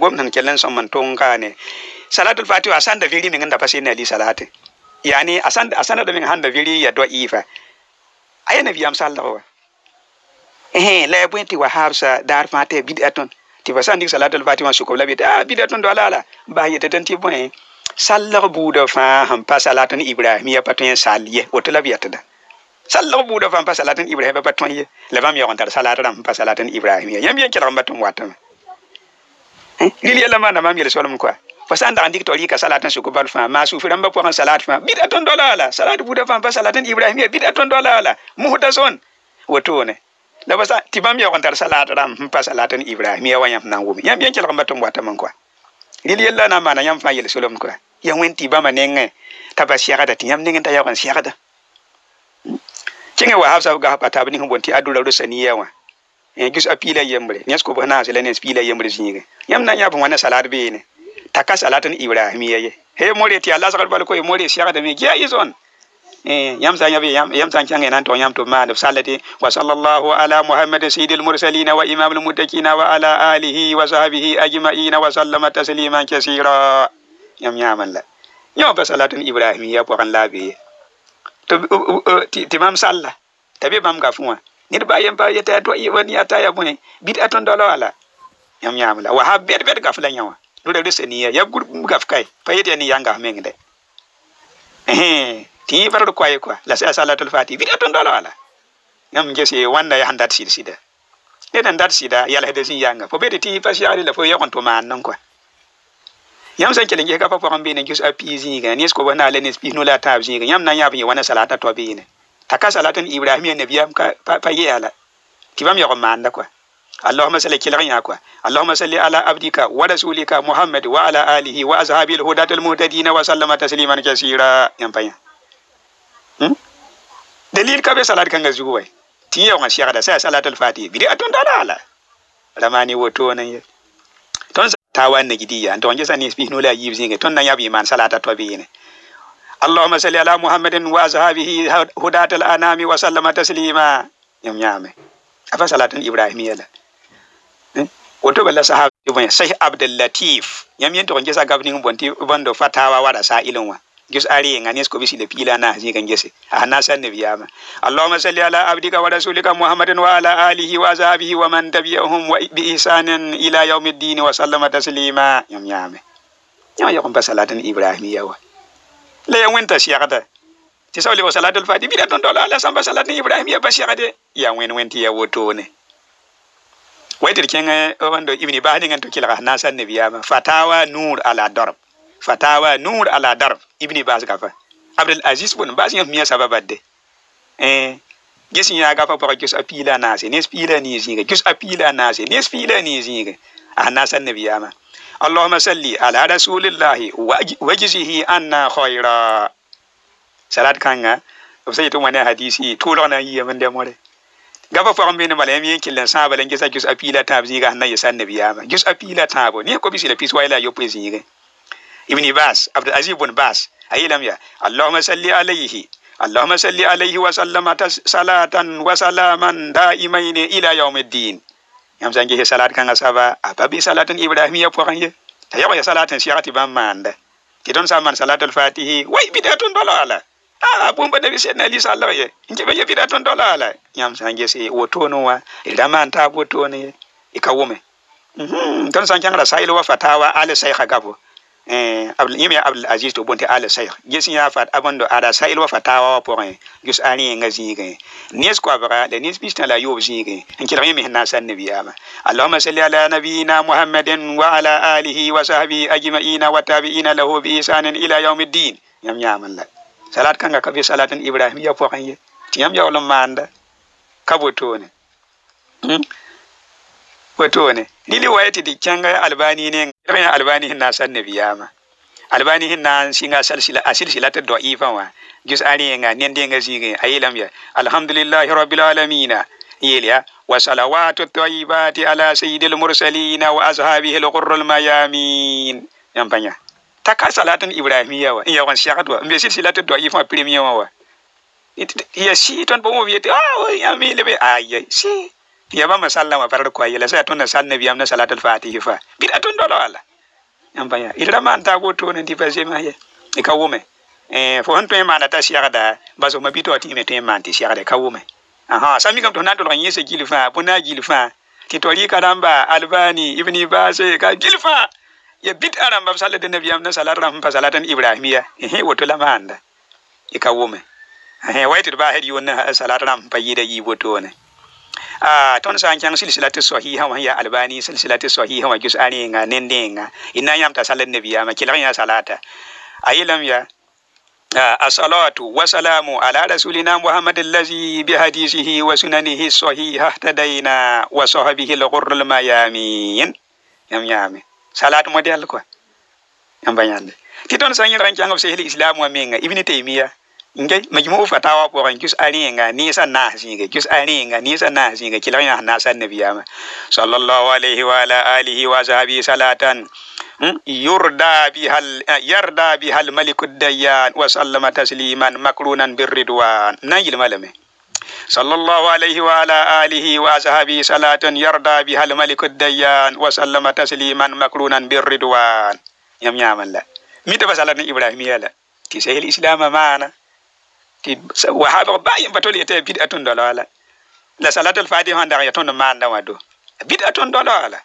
gomnan kelen son man tongane salatul fatiha asanda viri min da pasina li salati yani asanda asanda da min handa viri ya do ifa ayi nabi am sallahu eh la bwenti wa habsa dar fate bid'atun ti fa sandi salatul fatiha su ko labi ta ah, bid'atun do alala ba yete tan ti bon sallahu buda fa ham pa salatun ibrahimiya patun saliye wotu labi atada salg buudã fãa pa salatin ibrahim pa tõe ye la bãmb yaoog n tar pa salatin ibrahim ya yãmb yen kelg n ba lil yɛla maana mam yel solem koa fa sã n dag n dɩk taoor yɩka salat n sʋk bal fãa maa suufi rãmbã pʋgẽ salat fãa bɩda tõnd dɔla salat buudã fãa pa salat n ibrahimiya bɩda tõnd dɔla a la wotone la fa sã tɩ bãmb yaoog n tar salat rãmb sẽn pa salat n ibrahimiya wã yãmb na n yãmb yen kelg n ba tõnd watame n koa rel yella na n maana yãmb fãa yel solem koa ya wẽn tɩ bãmba nengẽ t'a pa sɛgda tɩ yãmb ning t'a yaoog n sɛgda kẽngẽ wa habsa gas pa taab ning sẽn boon tɩ a dʋra wã gis eh, a piila yembre nyas ko bana sele ne pila yembre zinge yam na nyap wana salat bene taka salatan ibrahimiya ye he more ti allah sakal bal ko more siya da me giya izon eh yam sa nyabe yam yam san change nan to yam to ma da salati e, wa sallallahu ala muhammad sayyidil mursalin wa imam almutakina wa ala alihi wa sahbihi ajma'in wa sallama tasliman kaseera yam yaman la yam ba salatan ibrahimiya ko kan labe to ti mam salla tabi bam ga fuwa nirɓa yempa yetta to woni yatta yabune bit aton dolo ala yam yamla wa ha bet bet gafla nyawa lura rese niya ya gur gaf kai fa yete ni yanga mengde eh ti barar kwaye kwa la sa salatul fati bit aton dolo ala yam gese wanda ya handat sida sida ne dan dat sida yala hede sin yanga fo beti ti fa shari la fo yakon to man nan kwa yãmb sẽn kelenge ka pa pʋgẽ beene ges a pii zĩiga nes ko bõna le nes pis no la a taab zĩiga na n yãb yẽ wãna salata toa تكاس على تن إبراهيم النبي أم على كيفام يا عمان دكوا اللهم صل على كوا اللهم صل على عبدك ورسولك محمد وعلى آله وأصحابه الهدى المهتدين وسلم تسليما كثيرا يم بيا دليل كبير صلاة كان جزوي تي يا عمان شيا سال صلاة الفاتي بدي أتون دارا على رماني وتو نيجي تون تاوان نجدي يا تون جسني سبيه نولا يبزينه تون نيا بيمان صلاة توبيه اللهم صل على محمد واصحابه هداة الانام وسلم تسليما يوم يامي افا صلاه ابراهيميه لا woto bala sahabi bon sahih abdul latif yam yento ko gesa gabni ngon bonti bondo fatawa wada sa ilon wa gis ari ngani ko bisi le pila na ji kan gese ana san ne biyama allahumma salli ala abdika wa rasulika muhammadin wa ala alihi wa ashabihi wa man tabi'ahum wa bi ihsanin ila yaumiddin wa sallama taslima yam yame yam yakon basalatan ibrahimiyya wa لا وين تسي هذا تسأل لي وصلات الفادي بلا تندول على سامبا صلات إبراهيم يا بس هذا يا وين وين تيا وتوني ويتر كينغ أوبن دو إبني بعدين عن تكيل غه ناسا نبيا فتاوى نور على درب فتاوى نور على درب إبني باز كفا عبد العزيز بن باز يوم ميا سبب بدي إيه جسنا يا غافا بقى جس أبيلا ناسي نيس أبيلا نيزيغ جس أبيلا ناسي نيس أبيلا نيزيغ أه نبيا ما Allahumma salli ala rasulillahi wajzihi anna khayra salat kanga b sã yetɩ wãne hadisi tʋʋlg na n yiame dɛmore gafa fɔg n be ne bala yãmb yen kellan sãaba la n gesa gus a piila tãab zĩiga sẽn na yesa nabiyaama gus a piila tãabo ne ko bisila pis wa la a yopoe zĩige ibn bas abdul aziz bun bas a yeelame ya allahuma yãmb sã n ges salat kãngã saba a pa bɩ salat n ibrahimiya pʋgẽ ye t'a yag ya salat n sɛg tɩ bãmb maanda tɩ tõnd sã n maan salat alfatihi way bɩda tõnd dɔla ala a bũmba nabi sẽdna ali sallg ye n kɩ ba ye bɩda tõnd mhm, dɔla ala yãmb sã n ges wotoon wã y ra maan taab wotoon ye y ka wʋme tõnd sã n kẽngra sayl wa fatawa al sɛɩga gabo abd yẽm yaa abdl aziz tɩ b ala tɩ al sayg fat abando bõndo ada saɩl wã fatawa taawa wã pʋgẽ ges a rẽ yẽnga zĩigẽ nins koabga la nins pistã la a yoob zĩigẽ n kelg yẽ mes n na n salli ala nabiyina muhammadin wa ala alihi wa sahbihi ajmaina wa tabiina lahu bi isanin ila yaum din yãmb yãam la salat kãnga ka be salat n ibrahim ya pʋgẽ ye tɩ yãmb yaool n maanda ka woto ne lili waiti di kanga albani ne ngana albani na san ne biyama albani hin na singa salsila asilsila ta do ifan wa ari nga nen de zige ayilam ya alhamdulillahi rabbil alamin yeliya wa salawatu tayyibati ala sayyidil mursalin wa ashabihi al mayamin yampanya taka salatin ibrahimiya wa iya wan shakat wa silsila ta do ifan premier wa ah, ya shi ton bo mo ah ya lebe ayi shi yabamba salla wa parad ko ayela sa tonda sal nabi amna salatul fatihi fa bida ton do wala yamba ya ila man ta go to ne dipa jema ye e ka wome eh fo han to e mana ta shiara da baso ma bito ti me to e man ti da e ka wome aha sami kam to nan to ran yese gilfa buna gilfa ti tori karamba albani ibni base ka gilfa ya bit aram bab salla da nabi amna salatul rahman fa salatan ibrahimiya eh wato la manda e ka wome eh waitir ba hedi wonna salatul rahman fa yida yi wato ne ton sã n kẽng silsila tɩ sahiha wã yaa albani silsila tɩ sahiha wã gus a rẽnga ne nenga y na n yãmb t'a sal d nebiyaamã kelg n yaa salata a yeelame yaa الصلاة والسلام على رسولنا محمد الذي بحديثه وسننه الصحيحة اهتدينا وصحبه الغر الميامين يم يامي صلاة موديال كو يم بيان تي تون سان يران كان اسلام ومين ابن تيميه nge majmu'u fatawa pʋgẽ jus a rẽnga ninsã naas zĩige jus a rẽnga ninsã naas zĩige kelg yãs naasal nebiyaamã sallallahu alayhi wa ala alihi wa sahbihi salatan يرضى بها يرضى بها الملك الديان وسلم تسليما مكرونا بالرضوان نيل ملمه صلى الله عليه وعلى آله وأصحابه صلاة يرضى بها الملك الديان وسلم تسليما مكرونا بالرضوان يم يا من لا متى بسالة إبراهيم يلا تسهل الإسلام معنا ti wahaba ba yamba tole yete bid atun dalala la salatul fatiha handa ya ton manda wado bid atun dalala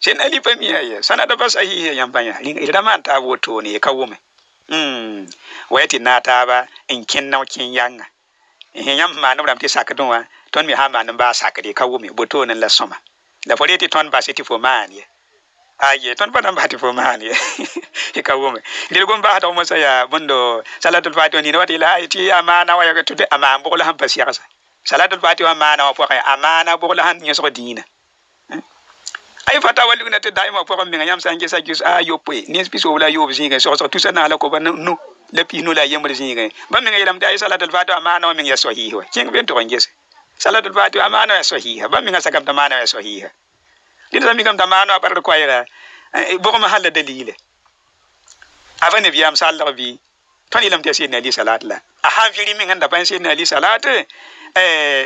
sen ali pamiya ya sanada ba sahihi yamba ya ringa man ta woto ne ka wome mm wayati na ta ba in kin na kin yanga hin yam ma nabram ti sakadon wa ton mi ha ma nan ba sakade ka wome boto nan la soma la fore ti ton ba ti fo man ya aye ton paɗan mbati fof maani hikka wume nder gom mbahata omo saya bondo salatul ni wati la wata ila ti amana waya tude ama bogla han bas yagsa salatul fati o amana wa poxe amana bo la han nyeso diina ay fata na te daima poxe menga yam nyam sa sa jus a yoppe ni spiso wala yob so soxo tusa na la ko ban nu le pi nu la yemre zinga ba menga yelam ta ay salatul fati o amana wa menga sahihi wa cinga ben to ngese salatul fati o amana wa sahiha ba sa kam ta amana wa sahiha dɩda migam t'a maana a barɩd koa yɛra bʋgma hal la daliile a fa nebiyaam sallg bɩ tõnd yeelame tɩ ya seedna ali salat la a sãn vɩrɩ meng n da pa ali salat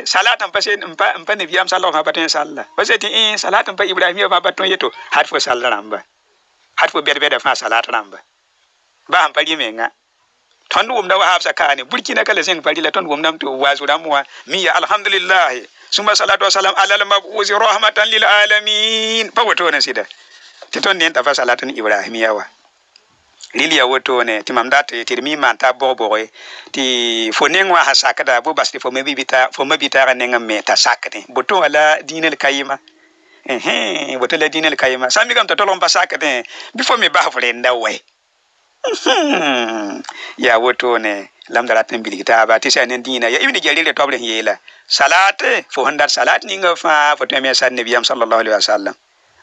salat n pa n pa nebiyaam sallg fãa pa tõe n salla pa se tɩ ẽ salat n pa ibrahimia fãa pa tõe yeto hat fo sall rãmba hat fo bɛd-bɛda fãa salat rãmba ba sãn pa rɩ menga tõnd wʋmda wa habsa kaane burkina ka la zẽng pa rɩ la tõnd wʋmdame tɩ waazu rãmb wã summa salatu wasalam alal mabuzi rahmatan lil alamin pa woto ne sida titon ne ta fa salatun ibrahim yawa lil ya woto ne ti mam dat ti mi man ta bobo re ti fo ne ngwa ha sakada bo bas ti fo me bibita fo me bita ra ne ngam me ta sakne boto ala dinal kayima eh eh boto la dinal kayima sami kam ta tolom pa sakne before me ba fo le ndawai ya woto ne lam da ratin bilgi ta ba ti sanin dina ya ibni jarir da tobrin yela salat fo handar salat ninga fa fo to me san nabiyam sallallahu alaihi wasallam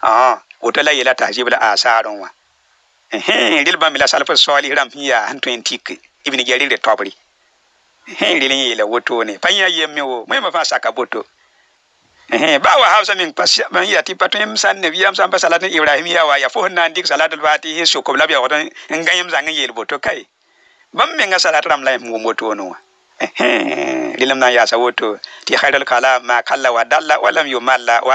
ah woto la yela tahjib la asaron wa eh ril ba mila salfa salih ram hiya an to tik ibni jarir da tobri eh ril yela woto ne panya yemme wo mai ma fa saka boto eh ba wa hausa min pasya ban ya ti pato yem san nabiyam san ba salatin ibrahim ya wa ya fo nan dik salatul fatihi su ko labya wadan ngayem zangin yel boto kai bam menga sala tɩ rãmb la n wʋm wotoono wã rɩlem na n yaasa woto ti hayral kala ma kalla wa dalla wa lam yumalla wa